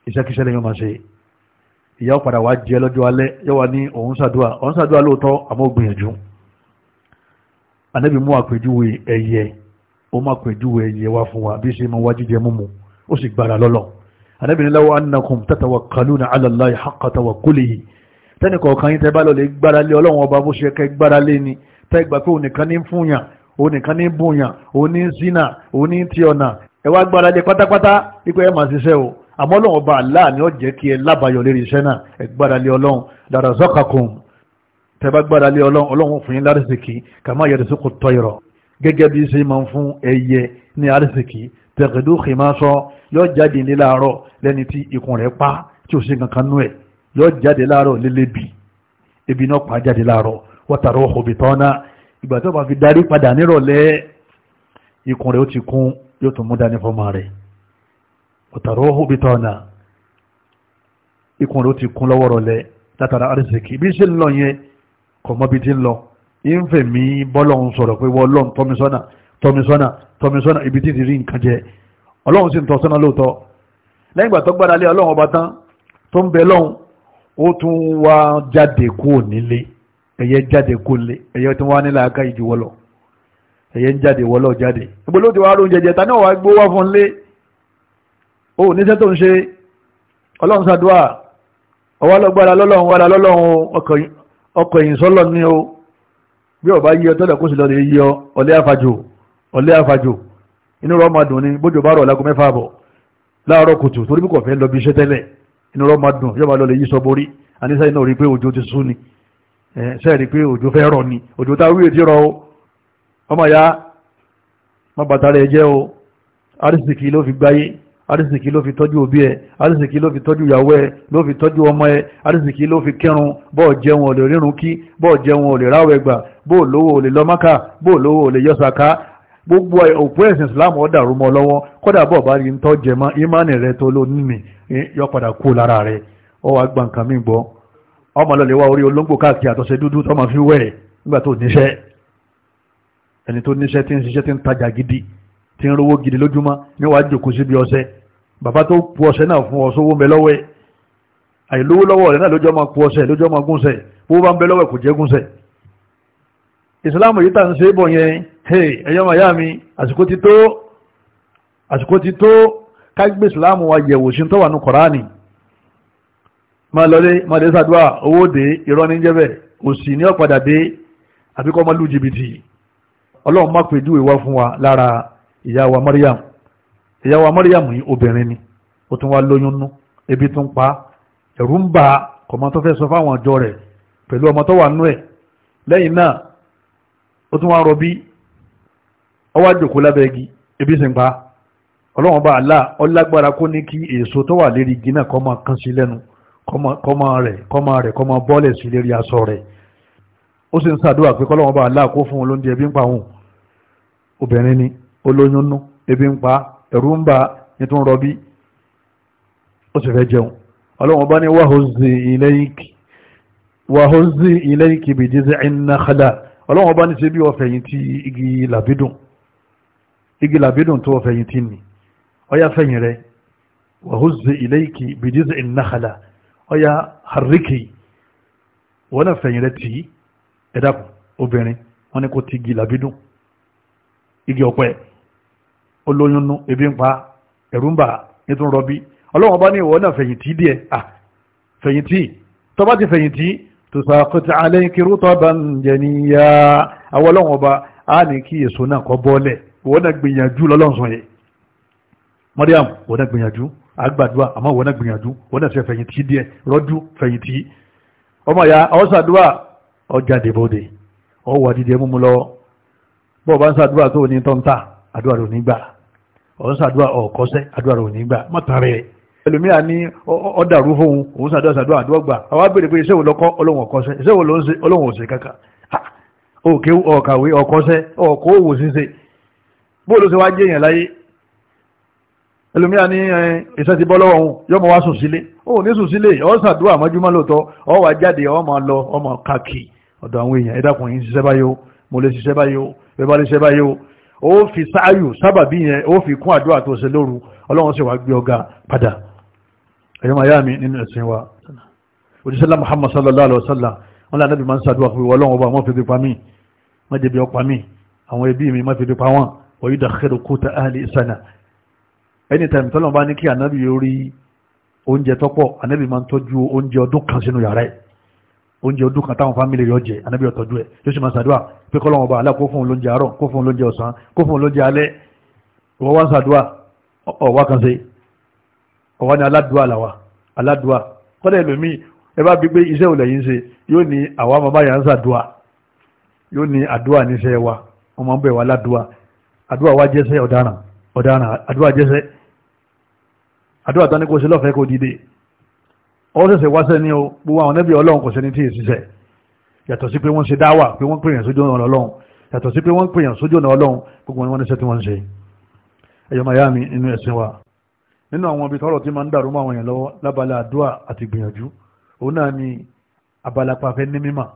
iṣẹ́kíṣẹ́ lẹ́yìn máa ṣe ìyá ọ̀padà wá jẹ́ lọ́jọ́ alẹ́ yọ́wà ní òun sàdúà òun sàdúà lóòótọ́ àmọ́ gbìyànjú anábì mú àpèjúwe ẹyẹ ó má pèjúwe ẹyẹ wá fún wa bí ṣe mọ wá jíjẹ múmu ó sì gbára lọ́lọ́ anábì ní law annakum tatawakkaluna ala Allahi haqqa tawakkulihi tẹ́nì kọ̀ọ̀kan yín tẹ́ bá lọ lè gbára lé ọlọ́run ọba bó ṣe kẹ́ gbára lé ni tẹ́ gbà pé òun ní fún yàn ní bùn yàn àmọ́ ọlọ́run ọba Allah ni ó jẹ́ kí ẹ lábàáyọ lérí iṣẹ́ náà ẹ gbára lé ọlọ́run dàrá zọ́kàkùn tẹ́bá gbára lé ọlọ́run ọlọ́run fún yín lárísìkì kàmá yẹ lẹ́sìkò tọ́ ìrọ̀ gẹ́gẹ́ bí ṣe máa ń fún ẹyẹ ní àrísìkì tẹ̀gẹ̀dú kìmáṣọ yóò jáde ní láàárọ̀ lẹ́ni tí ikùn rẹ̀ pa tí ò sí kankan nú ẹ̀ yóò jáde láàárọ̀ lélẹ́bì ebi náà pa jáde láàárọ̀ wọ́tàrọ̀ ọ̀tàrọ́hù bí tọ́nà ikùn ló ti kún lọ́wọ́ rọlẹ̀ látara arísìkì bí ṣe ń lọ yẹn kò mọ́ ti ń lọ ìfẹ́ mi bọ́lọ́hún sọ̀rọ̀ pé wọ́n lọ́n tọ́misọ́nà tọ́misọ́nà tọ́misọ́nà ibi tí ti rí nǹkan jẹ ọlọ́run sì ń tọ́sọ́nà lóòótọ́ lẹ́yìn ìgbà tó gbára lé ọlọ́run ọba tán tó ń bẹ lọ́hún ó tún wá jáde kúrò nílé ẹ̀yẹ jáde kúrò nílé ẹ̀yẹ tí wọ́n nílẹ̀ aká ìjì wọlọ̀ ẹ̀yẹ ń jáde wọlọ́ jáde ìgbòlódé wa rò oúnjẹ jẹ ta náà wá gbówá fún lé ó níṣẹ́ tó ń ṣe ọlọ́run sàdúà ọwá lọ́gbára lọ́lọ́run wára lọ́lọ́run ọkọ̀ sọ́lọ́ ní o bí ọba yíyọ tọ́lẹ̀ kó sì lọ lè yíyọ ọlẹ́ àfàjò ọlẹ́ àfàjò inú rọ máa dùn ní bójò bá rọ̀ lágún mẹ́fà bọ̀ láàárọ̀ kùtù torí kò fẹ́ lọ bí iṣẹ́ tẹ́lẹ̀ inú rọ máa dùn yóò máa lọ lè yí sọ borí àníṣe iná rí pé òjò ti sún ni ṣe rí pé òjò fẹ́ rọ̀ ni òjò tá wíwè tí rọ o ọmọ ya má bàtà rẹ̀ jẹ́ o arísìkì ló fi gbáyé arísìkí ló fi tọ́jú òbí ẹ arísìkí ló fi tọ́jú ìyàwó ẹ ló fi tọ́jú ọmọ ẹ arísìkí ló fi kẹrun bọ́ọ̀ jẹun ò lè rírun kí bọ́ọ̀ jẹun ò lè ráwẹ̀ gbà bóò lówó ò lè lọ Mákà bóò lówó ò lè yọ sàká gbogbo òpó ẹ̀sìn Islam ọ̀dà rúmọ lọ́wọ́ kọ́dà bọ́ọ̀ bá rí tọ́ jẹmọ́ ìmánì rẹ tó ló ní mi yọ padà kú lára rẹ ọ wá gba nǹkan mi gbọ́ ọmọ lọ lè wá orí olóńgbò káàkiri àtọ̀sẹ̀ dúdú tó máa fi wẹ̀rẹ̀ nígbà tó níṣẹ́ ẹni tó níṣẹ́ tí ń ṣiṣẹ́ tí ń tajà gidi tí ń rówó gidi lójúmọ́ níwájú kò síbi ọṣẹ́ bàbá tó pu ọ̀sẹ̀ náà fún ọ sówó ń bẹ lọ́wọ́ ẹ̀ àìlówó lọ́wọ́ rẹ̀ náà lójọ́ máa pu ọ̀sẹ̀ lójọ́ máa gúnṣẹ̀ owó bá ń bẹ lọ́wọ́ ẹ̀ kò jẹ́ gúnṣẹ̀ ìsìláàmù yìí tà ń ṣe bọ̀ yẹn ẹ̀yọ́ màyá mi àsìkò ti tó àsìkò ti tó ká gbé wa yẹ̀wò sí tó wà ní kọ̀ránì máa lọlé máa dé sàdúrà owó dé irọ́ ní jẹ́bẹ̀ òsì ní ọ̀padà dé àbíkọ́ máa lù jìbìtì ọlọ́run má pèjú ìwá fún wa lára ìyá wa Maryam ìyàwó amọ́ríyàmù yìí obìnrin ni ó tún wá lóyún nú ebi tún pa ẹ̀rù ń bà kọ̀mọ́ tó fẹ́ sọ fáwọn ọjọ́ rẹ̀ pẹ̀lú ọmọ tó wà nú ẹ̀ lẹ́yìn náà ó tún wá rọbí ọwá jòkó lábẹ́ igi ebi sì ń pa ọlọ́wọ́n bá àlá ọlágbára kó ní kí èso tó wà lérí igi náà kó máa kán sí lẹ́nu kọ́mọ rẹ̀ kọ́mọ rẹ̀ kọ́mọ bọ́ọ̀lẹ̀ sí lérí aṣọ rẹ̀ ó sì ń sàdúrà pé kọ́lọ́wọ́n bá àlá kó fún olóúnjẹ ebi ń pa òun obìnrin ni olóyún nú ebi ń pa ẹ̀rú ń ba ní tó ń rọbí ó sì fẹ́ jẹun ọlọ́run bá ní wàhózí ilayki bi jiz'in nakhla ọlọ́run bá ní ṣe bí ọfẹ̀yìn tí igi làbídùn igi làbídùn tó ọfẹ̀yìn tí ni ọya fẹ̀yìn rẹ wàhózí ilayki bi jiz'in nakhla ọya harriki wọ́n olóyún nú ebi ń pa ẹ̀rú ń bà ní tó ń rọbí ọlọ́run ọba ní ìwọ náà fẹ̀yìntì díẹ̀ à fẹ̀yìntì tó bá ti fẹ̀yìntì tó sàkóso alẹ́ kiri tó bá ń jẹ níyà àwọn ọlọ́run ọba á ní kí èso náà kọ́ bọ́ọ̀lẹ̀ ìwọ náà gbìyànjú lọ́lọ́run sọ yẹn Mariam ìwọ náà gbìyànjú àgbàdua àmọ́ ìwọ náà gbìyànjú ìwọ náà ṣe fẹ̀yìntì díẹ̀ rọ́jú fẹ̀yìntì ọmọ ya ọ̀sàdúà ọ̀rọ̀ sàdúrà ọ̀kọ́sẹ́ àdúrà rẹ̀ ò ní gbà mọ́ta rẹ̀ ẹlòmíà ní ọ̀dàrú fóun òun sàdúrà sàdúrà àdúrà gbà àwa béèrè pé iṣẹ́ wo lọ́kọ́ ọlọ́run ọ̀kọ́sẹ́ iṣẹ́ wo lọ́n ṣe ọlọ́run ọ̀sẹ̀ kankan òkè ọ̀kàwé ọ̀kọ́sẹ́ ọ̀kọ́ òwò ṣíṣe bóòlù ṣe wáá jẹ́yàn láyé ẹlòmíà ní iṣẹ́ ti bọ́ lọ́wọ́ òun yọmọ wá sùn sílé òun ní sùn sílé ọ̀ sàdúrà mọ́júmọ́ lóòótọ́ ọ̀ wá jáde ọ̀ máa lọ ọmọ kàkì ọ̀dọ̀ àwọn èèyàn ẹ̀dàkùnrin ṣiṣẹ́ báyìí mo lè ṣiṣẹ́ báyìí bẹ́ẹ̀ bá lè ṣiṣẹ́ báyìí ó fi sáàyù sábàbí yẹn ó fi kún àdúrà tó ṣe lóru ọlọ́run sì wá gbé ọgá padà ẹ̀yọ́ máa mi nínú ẹ̀sìn wa muhammad sallallahu alaihi wasallam wọn lè anábì máa ń ṣàdúrà fún ọlọ́run ọba wọn fi fi pa mí wọn jẹbi ọpa mí àwọn ẹbí mi má fi fi pa wọn wọ́n yí oúnjẹ ọdún kan táwọn fámìlì rẹ̀ ọjẹ́ anábì ọ̀tọ́jú ẹ̀ yóò ṣe máa ṣàdúrà pé kọ́lọ́wọ́n ọba alá kó fún olóúnjẹ àárọ̀ kó fún olóúnjẹ ọ̀sán kó fún olóúnjẹ alẹ́ ìwọ wá ń ṣàdúrà ọ̀wá kan ṣe ọ̀wá ni aládùúà làwà aládùúà kọ́lẹ̀ ẹlòmíì ẹ bá bí pé iṣẹ́ òlẹ̀ yìí ń ṣe yóò ní àwa bàbá yà ń ṣàdúà yóò ní àdúà níṣẹ́ wa ọmọ ń bẹ̀ wá ládùúà àdúà wá jẹ́sẹ́ ó ṣẹ̀ṣẹ̀ wáṣẹ́ ní o gbogbo àwọn nẹ́bí ọlọ́run kò sẹ́ni tí ì ṣiṣẹ́ yàtọ̀ sí pé wọ́n ṣe dáwà pé wọ́n pèèyàn sójú ọ̀nà ọlọ́run yàtọ̀ sí pé wọ́n pèèyàn sójú ọ̀nà ọlọ́run gbogbo wọn níṣẹ́ tí wọ́n ń ṣe ẹ̀yọ́ màyá mi inú ẹ̀sìn wa nínú àwọn ibi tọ́rọ̀ tí máa ń dàrú mọ́ àwọn èèyàn lọ́wọ́ lábala àdúà àti gbìyànjú òun náà ni abala pàfẹ́ ní mímọ̀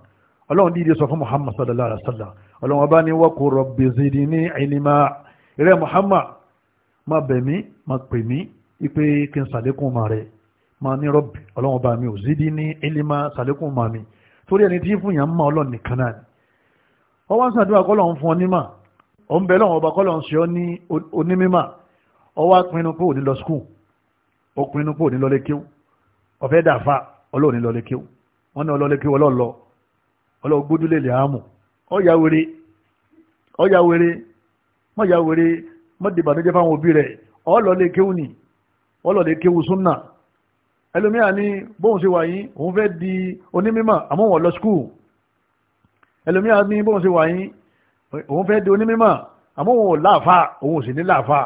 ọlọ́run dídí sọ fún Muhammad sallallahu alaihi wa sallam ọlọ́run ọba ní wọ́kọ̀ rabbi zidni ilma ìrẹ́ Muhammad má bẹ̀ mí má pè mí ipe kí n sàlékún mọ́ rẹ̀ ma ní rọ́bì ọba mi ò zídí ní elima sàlékún mi torí ẹni tí fún yàn máa ọlọ́run nìkan náà ni wọ́n wá sàdúrà kọ́lọ̀ fún ọ nímà ó ń bẹ ọba ṣe ọ ní ọ wá lọ skul ó pinnu pé òní lọlé ọ̀fẹ́ dàfà lọlé wọ́n ní ọlọ́lé ọlọ́ọ̀lọ́ ọlọ́ọ̀ gbójúlé lè ẹlòmíà ní bóun ṣe wà yín òun fẹ́ di onímímọ̀ àmọ́ wọ́n lọ skul ẹlòmíà ní bóun ṣe wà yín òun fẹ́ di onímímọ̀ àmọ́ wọ́n ò láàfà òun ò sì ní láàfà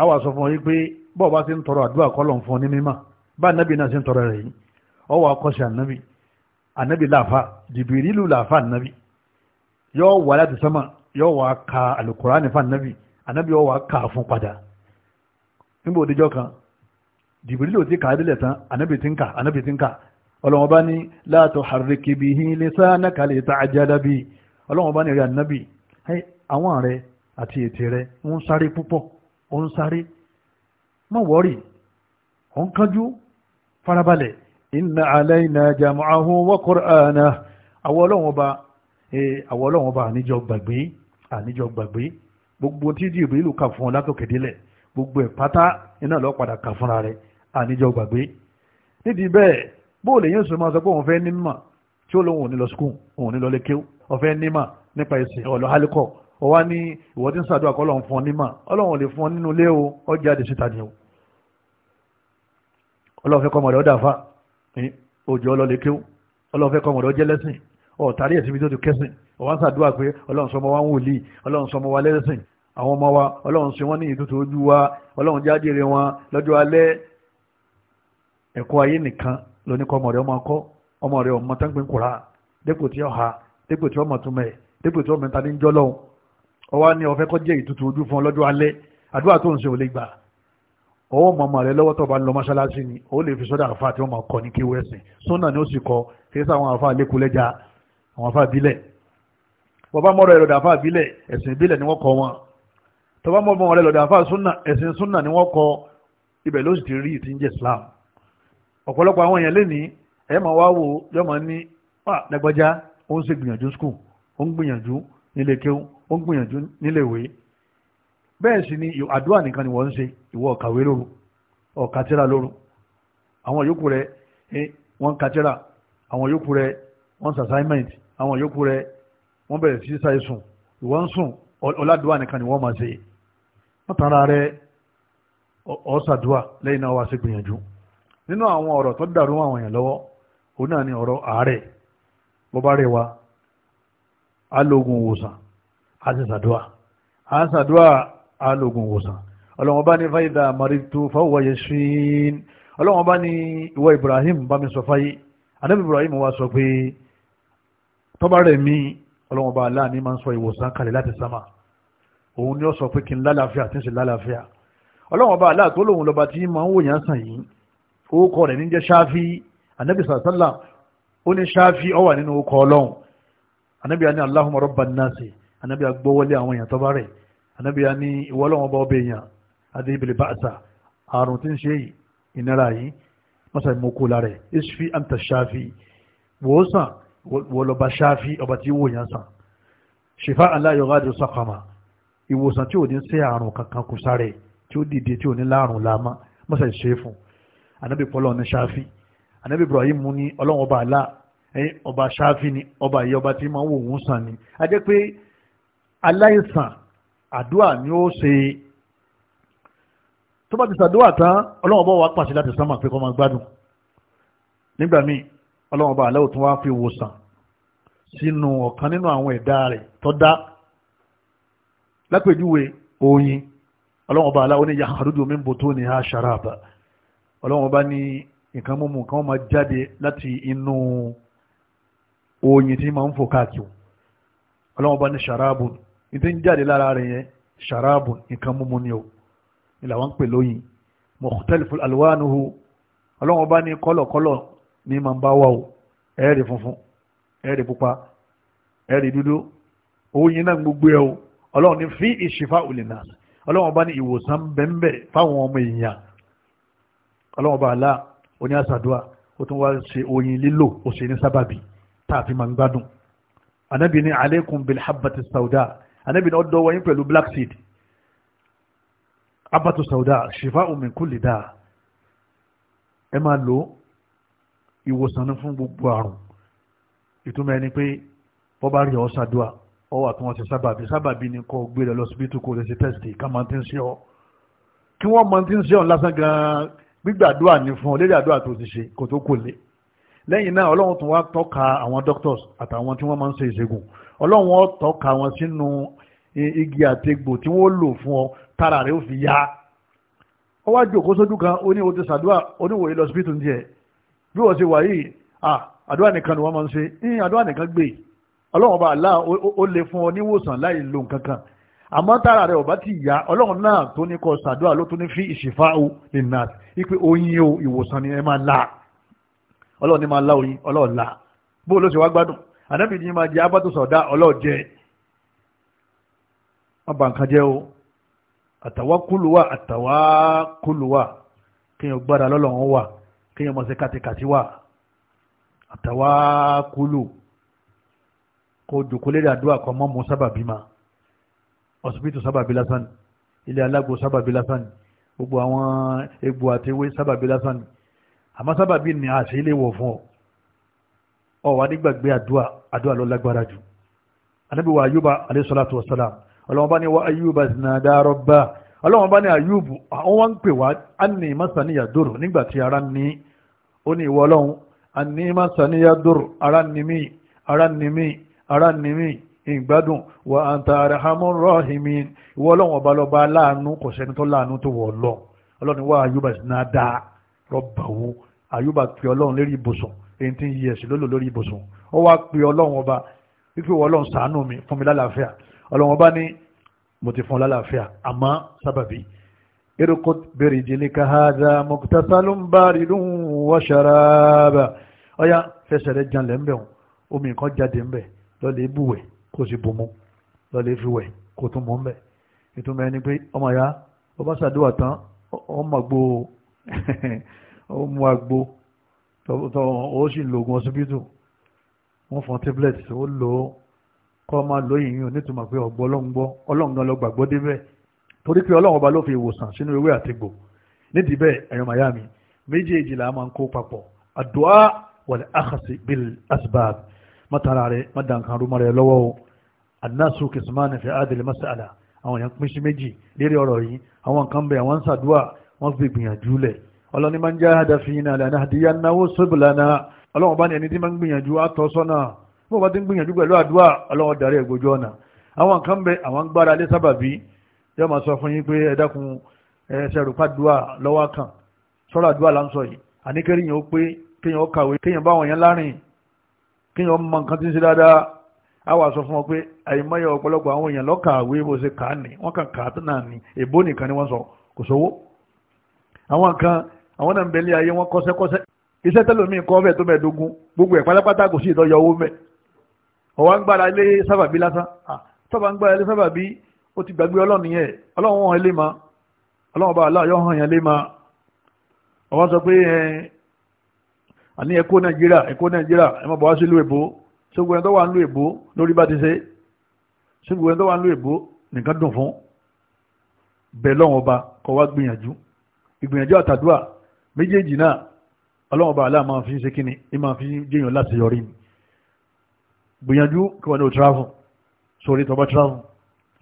a wà sọ fún yín pé bọ́ọ̀ bá ti ń tọrọ àdúrà kọ́lọ̀ fún onímímọ̀ bá ànábì náà ṣe ń tọrọ rẹ̀ yìí ọ wà kọ́sí ànábì ànábì láàfà jìbìrìlù láàfà ànábì yóò wà láti sánmà yóò wà ka alukura fún ànábì ànábì yóò wà ka fún padà nígbà òdìjọ́ kan jìbìrìlì ò ti kà á délẹ̀ tán ànábì ti ń kà ànábì ti ń kà ọlọ́wọ́n bá ní la tuharrik bihi lisanaka lita'jala bihi ọlọ́wọ́n bá ní rẹ̀ ànábì àwọn rẹ̀ àti ètè rẹ̀ ń sáré púpọ̀ ó ń sáré má wọ́rì ó ń kánjú farabalẹ̀ inna alayna jam'ahu wa qur'anahu àwọn ọlọ́wọ́n bá àwọn ọlọ́wọ́n bá àníjọ gbàgbé àníjọ gbàgbé gbogbo tí jìbìrìlì kà fún ọ látòkèdélẹ̀ gbogbo ẹ̀ pátá iná lọ́ padà kà fúnra rẹ̀ àníjọ gbàgbé nídìí bẹ́ẹ̀ bóòlù yóò sọ máa sọ pé òun fẹ́ ní mímọ̀ tí ó lóun ò ní lọ skul òun ò ní lọ lé kéw ọ̀fẹ́ nímọ̀ nípa ìsìn ọ̀lọ́ hálíkọ̀ ó wá ní ìwọ tí ń sàdúrà kọ́ lọ́n fún ọ nímọ̀ ọlọ́run lè fún ọ nínú ilé o ọjà àdè síta ni o ọlọ́run fẹ́ kọ́ ọmọdé ọdà fa òjò ọlọ́lẹ̀ kéw ọlọ́run fẹ́ kọ́ ọmọdé ọjẹ́ lẹ́sìn ọ̀tàrí ẹ̀sìn ẹ̀kọ́ ayé nìkan lóníkọ́ ọmọ rẹ̀ ọmọ akọ́ ọmọ rẹ̀ ọmọ tán pín kura dépò tí ó ha dépò tí ó mọ̀ túmọ̀ ẹ̀ dépò tí ó mẹ́ta ní jọ́ lọ́hùn ọwọ́ ni ọ̀fẹ́ kọ́ jẹ́ ìtutù ojú fún ọlọ́jọ́ alẹ́ àdúrà tó ń ṣe ò lè gbà ọwọ́ mọ̀mọ́ rẹ̀ lọ́wọ́ tó bá ń lọ mọ́ṣáláṣí ni ó lè fi sọ́dọ̀ àfa tí wọ́n máa kọ́ ní kíwọ́ ẹ̀sìn sọ́nà ni ó sì kọ́ kìí sáwọn àfa lẹ́kulẹ́já ni wọ́n kọ́ wọn tọ́bá mọ́rọ̀ ibẹ̀ ló sì ti rí ìtìjẹ́ Islam ọ̀pọ̀lọpọ̀ àwọn èèyàn lénìí ẹ̀ máa wá wò yọ́ máa ní wà lágbájá ó ń ṣe gbìyànjú skul ó ń gbìyànjú nílé kéwú ó ń gbìyànjú nílé ìwé bẹ́ẹ̀ sì ni àdúrà nìkan ni wọ́n ń ṣe ìwọ ọ̀kàwé lóru ọ̀kàtírà lóru àwọn yòókù rẹ̀ wọ́n kàtírà àwọn yòókù rẹ̀ wọ́n sàsáímẹ̀ntì àwọn yòókù rẹ̀ wọ́n bẹ̀rẹ̀ sí sáì sùn ìwọ́n ń sùn ọ̀làdúrà nìkan ni wọ́n máa ṣe wọ́n tàn ara rẹ̀ ọ̀sàdúrà lẹ́yìn náà wá sí gbìyànjú nínú àwọn ọ̀rọ̀ tó dàrú àwọn èèyàn lọ́wọ́ òun náà ni ọ̀rọ̀ àárẹ̀ bó bá rẹ̀ wa á lògùn òwòsàn á sì ṣàdúà á ṣàdúà á lògùn òwòsàn ọlọ́wọ́n bá ní fáyidà maritu fáwọ̀ yẹ ṣín ọlọ́wọ́n bá ní ìwọ Ibrahim bá mi sọ Ibrahim wa sọ pé tọ́ba rẹ̀ mí aláàní máa ń sọ ìwòsàn kalẹ̀ láti sámà òun ni ó sọ pé kí n lálàáfíà tí ń ṣe lálàáfíà ọlọ́wọ́n bá lòun lọ́ba tí máa ń wòyàn sàn yìí orúkọ rẹ̀ ní jẹ́ ṣáfí anabi sàlá ó ní ṣáfí ó wà nínú orúkọ ọlọ́run anabi ani allahumma rabban nasi anabi agbowole àwọn èèyàn tọ́ba rẹ̀ anabi ani ìwọ́lọ́wọ́n bá ọbẹ̀ èèyàn adé ibìlẹ̀ bàtà àrùn tí ń ṣe ìnira yìí mọ́sá ìmọ̀kó lára ẹ̀ isfi anta ṣáfí wòósàn wọlọba ṣáfí ọba tí wò yàn sàn ṣèfà aláyọ̀gádùn sàkàmà ìwòsàn tí ò anabi pọ́lọ́ ní ṣáfì anabi ibrahim ní ọlọ́run ọba àlá ọba ṣáfì ní ọba ìyá ọba tí máa ń wò wọ́n sàn ni a jẹ́ pé aláìsàn àdúrà ni ó ṣe tó bá ti sàdúrà tán ọlọ́run ọba wa pàṣẹ láti sánmà pé kó máa gbádùn nígbà míì ọlọ́run ọba àlá òtún wá fi wò sàn sínú ọ̀kan nínú àwọn ẹ̀dá rẹ̀ tó dá lápèjúwe oyin ọlọ́run ọba àlá ó ní yàrá rúdùmí bòtó ní ha ṣàràbà ọlọ́run bá ní nǹkan mímu kan máa jáde láti inú oyin tí máa ń fò káàkiri ọlọ́run bá ní ṣàráàbù ní tí ń jáde lára rẹ̀ yẹn ṣàráàbù nǹkan mímu ni o ìlà wọn ń pè lóyin mọ̀kútẹ́lifù alwanuhu ọlọ́run bá ní kọ́lọ̀kọ́lọ̀ ní máa ń bá wà o ẹ̀ẹ́rì funfun ẹ̀ẹ́rì pupa ẹ̀ẹ́rì dúdú oyin náà gbogbo ẹ̀ o ọlọ́run ní fi ìṣìfà òlìnà ọlọ́run bá ní ìwòsàn bẹ́ẹ̀ fáwọn ọmọ èèyàn ọlọ́wọ́n bá aláà ó ní àṣàdúà ó tún wá ṣe oyin lílò ó ṣe ní sábàbí tá a fi máa ń gbádùn anabi ní aleikum bil habati sauda anabi ní ọdọ wọ̀nyí pẹ̀lú black seed abatu sauda shifa'un min kulli da ẹ máa lo ìwòsàn fún gbogbo àrùn ìtumọ̀ ẹni pé wọ́n bá rí ọ ṣàdúà ọ wà tí wọ́n ṣe sábàbí sábàbí ni kò gbé lọ lọ́sibítù kò lè ṣe tẹ́sítì ká máa ti ń ṣe ọ kí wọ́n máa ti ń ṣe ọ lásán gan-an gbígbàdúrà ní fún ọ lédè àdúrà tó ti ṣe kò tó kò lè lẹ́yìn náà ọlọ́run tún wá tọ́ka àwọn doctors àtàwọn tí wọ́n máa ń ṣe ìṣègùn ọlọ́run ó tọ́ka wọn sínú igi àtegbò tí wọ́n lò fún ọ tára rẹ̀ ó fi yá ó wá jòkó sójú kan ó ní o ti ṣàdúrà oníwòye lọ síbítù ní ẹ bí wọ́n ṣe wà yìí àdúrà nìkan ni wọ́n máa ń ṣe ní àdúrà nìkan gbé ọlọ́run ọba àlá ó lè fún ọ níwòsàn láì lo nǹkan kan àmọ́ tára rẹ̀ ọ̀bá ti yá ọlọ́run náà tó ní kọ sàdúrà ló tó ní fi ìṣìfà o ìnà ipe oyin o ìwòsàn ni ẹ máa la ọlọ́run ní máa la oyin ọlọ́run la bó ló ṣe wá gbádùn ànábì ní máa jẹ abátòsọ̀dá ọlọ́ọ̀jẹ wọ́n bá nǹkan jẹ́ o àtàwákùlùwà àtàwákùlùwà kéèyàn gbára lọ́lọ́run wà kéèyàn mọ̀ kàtìkàtì wà àtàwákùlù kó jòkó lédè ọ̀sibítù sábàbí lásán ni ilé alágbo sábàbí lásán ni gbogbo àwọn egbò àti ewé sábàbí lásán ni àmọ́ sábàbí ni àṣẹ ilé wọ̀ fún ọ ọ wà nígbàgbé àdúà àdúà ló lágbára jù anábì wa ayúbà alayhi salatu wassalam ọlọ́wọ́n bá ní wa ayúbà zinada rabba ọlọ́wọ́n bá ní ayúbù àwọn wá ń pè wá anni masaniya dòrò nígbà tí ara ní ó ní ìwọ ọlọ́run anni masaniya dòrò ara ní mí ara ní mí ara ní mí ìgbádùn wà á ń ta ara hamu rọ́ọ̀hìmí ìwọ ọlọ́run ọba lọ́ba láàánú kò sẹ́ni tó láàánú tó wọ̀ ọlọ́run ọlọ́run wà ayúbà sí náà dá rọ́bàwó ayúbà pé ọlọ́run lérí ibùsùn èyí tí ń yí ẹ̀sìn lólò lórí ibùsùn ó wá pé ọlọ́run ọba wípé wọ́n ọlọ́run sàánú mi fún mi lálàáfíà ọlọ́run ọba ní mo ti fún ọ lálàáfíà àmọ́ sábàbí irkut birijlika hadha muktasalun baridun wa kó o sì bomú lọ́lẹ́ fi wẹ̀ kó o tún mọ̀ ń bẹ̀ ìtumọ̀ ẹni pé ọmọ ya bó bá ṣàdúrà tán ọmọ àgbo ọmọ àgbo tọ́ ọ sì lo oògùn ọsibítù wọ́n fọ́n tablet ó lò ó kọ́ máa lo ìyún nítumọ̀ pé ọ̀gbọ́ ọlọ́run gbọ́ ọlọ́run gan lọ gbàgbọ́ débẹ̀ torí pé ọlọ́run ọba ló fi ìwòsàn sínú ewé àtegbò nídìí bẹ́ẹ̀ ẹ̀yọ́ màyá mi méjèèjì là máa ń kó papọ̀ àdúà wal akhasi bil asbab mọ́tara rẹ̀ mọ́dàǹkan rúmọ́ rẹ̀ lọ́wọ́ o annasu kismani fi adil masala àwọn èèyàn pín sí méjì lérí ọ̀rọ̀ yìí àwọn kan bẹ̀ àwọn ń sàdúà wọ́n fi gbìyànjú lẹ̀ ọlọ́ni máa ń já àdàfihàn àlànà àdìyà náwó sóbìlànà ọlọ́wọ́n bá ní ẹni tí máa ń gbìyànjú àtọ́ sọ́nà bó bá ti ń gbìyànjú pẹ̀lú àdúà ọlọ́wọ́n darí ẹ̀gbójú ọ̀nà àwọn kan bẹ̀ àwọn gbára lé sábàbí yóò máa sọ fún yín pé ẹ dákun ẹsẹ̀ rúpa dùà kan sọ́rọ̀ àdúà là ń sọ yìí àní kéèyàn ó pé kéèyàn ó kàwé kéèyàn bá àwọn yẹn láàrin kéèyàn ó mọ nǹkan tí ń àwa sọ fún ọ pé àìmọye ọ̀pọ̀lọpọ̀ àwọn èèyàn lọ́kàwé bó ṣe kà á ní wọ́n kàn kà á tó náà ní èbó nìkan ni wọ́n sọ kò sówó àwọn kan àwọn náà ń bẹ̀lẹ̀ ayé wọn kọ́sẹ́kọ́sẹ́ iṣẹ́ tẹ́lómi kọ́ bẹ́ẹ̀ tó mẹ́ẹ̀ẹ́dógún gbogbo ẹ̀ pátápátá kò sí ìtọ́jọ owó mẹ́ ọ̀wá ń gbára ilé sábàbí lásán tọ́ba ń gbára ilé sábàbí ó ti gbàgbé ọlọ́run yẹn ọlọ́run hàn ilé ma ọlọ́run bá aláàyọ̀ hàn ṣùgbọ́n tó wà ń lo èbó lórí bá ti ṣe ṣùgbọ́n tó wà ń lo èbó nìkan dùn fún bẹ́ẹ̀ lọ́wọ́n ọba kọ́ wá gbìyànjú ìgbìyànjú àtàdúà méjèèjì náà ọlọ́wọ́n ọba aláà máa fi ṣe kíni ẹ máa fi jẹyàn láti yọrí mi gbìyànjú kí wọ́n ní o travel sórí tọba travel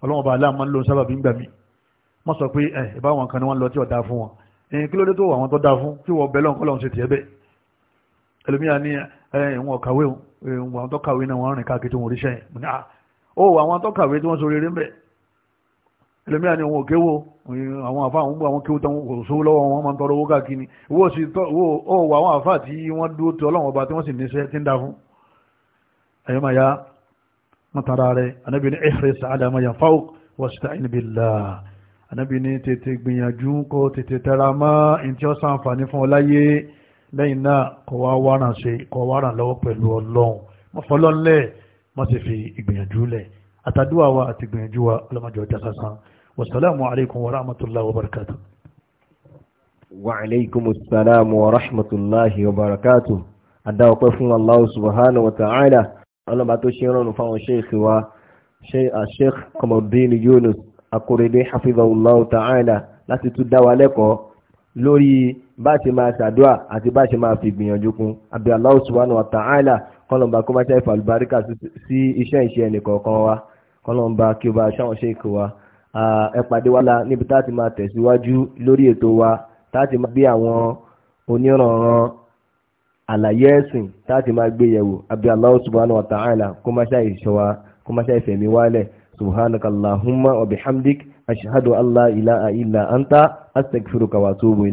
ọlọ́wọ́n ọba aláà máa ń lo sábàbí gbà mí wọ́n sọ pé ẹ ìbá wọn kan ni wọ́n lọ tí ọ̀dà fún wọn ẹ̀yìn kí ló dé tó àwọn tó dáa fún tí wọ́n bẹ́ẹ̀ lọ́nkọ́ lọ́n ṣe tiẹ̀ bẹ́ẹ̀ ẹlòmíyà ní ẹ̀ ìwọ̀n ọ̀kàwé òun Ehm, àwọn tó kàwé náà wọ́n rìn káàkiri tó wọ́n ríṣẹ́ yìí ah, ó àwọn tó kàwé tí wọ́n so rere ń bẹ̀ ẹlẹ́mìíràn ni òun ò kéwò àwọn àfa àwọn gbọ́ àwọn kéwò tán kò sówó lọ́wọ́ wọn máa ń tọrọ owó káàkiri owó sì tọ́ ó wà àwọn àfa tí wọ́n dúró tó ọlọ́wọ́n ọba tí wọ́n sì níṣẹ́ tí ń da fún ẹ̀yọ́ máa ya wọ́n tara rẹ̀ anábì ní ihris ala ma yanfa'uk wasta'in billah anábì ní tètè gbìyànjú kó tètè tẹra mọ́ ìtí ọ̀sán àǹfààní fún ọ láyé lẹ́yìn náà kọ̀ wá wárán ṣe kọ̀ wárán lọ́wọ́ pẹ̀lú ọlọ́run mọ́fọlọ́lẹ̀ má ṣe fi ìgbìyànjú lẹ̀ àtàdúrà wa àti ìgbìyànjú wa ọlọ́mọdé ọjà sásán wasalaamu alaykum wa rahmatulahi wa barakatu. wa alaykum salaam wa rahmatulahi wa barakatu. adáwọ̀pẹ́ fún allah subhanahu wa ta'ala ọlọ́ba tó ṣe rọrùn fáwọn ṣéèkì wa sheikh Qamardeen Yunus Akorede hafizahullahu ta'ala láti tún dá wa lẹ́kọ̀ọ́ lórí bá ṣe máa ṣàdúà àti bá ṣe máa fi gbìyànjú kún àbí Allah subhanahu wa ta'ala kọ́lọ̀mbà kó máa ṣe ìfàlùbáríkà sí iṣẹ́ ìṣe ẹnìkọ̀ọ̀kan wa kọ́lọ̀mbà kí o bá ṣáwọn ṣe ìkọ̀ wa ẹ pàdé wa la níbi tá a ti máa tẹ̀síwájú lórí ètò wa tá a ti máa gbé àwọn onírànran àlàyé ẹ̀sìn tá a ti máa gbé yẹ̀wò àbí Allah subhanahu wa ta'ala kó máa ṣe ìṣọ́ wa kó máa ṣe ìfẹ̀mí wálẹ̀ subhanakallahumma wa bihamdik ashhadu an ilaha illa anta astaghfiruka wa atubu ilayk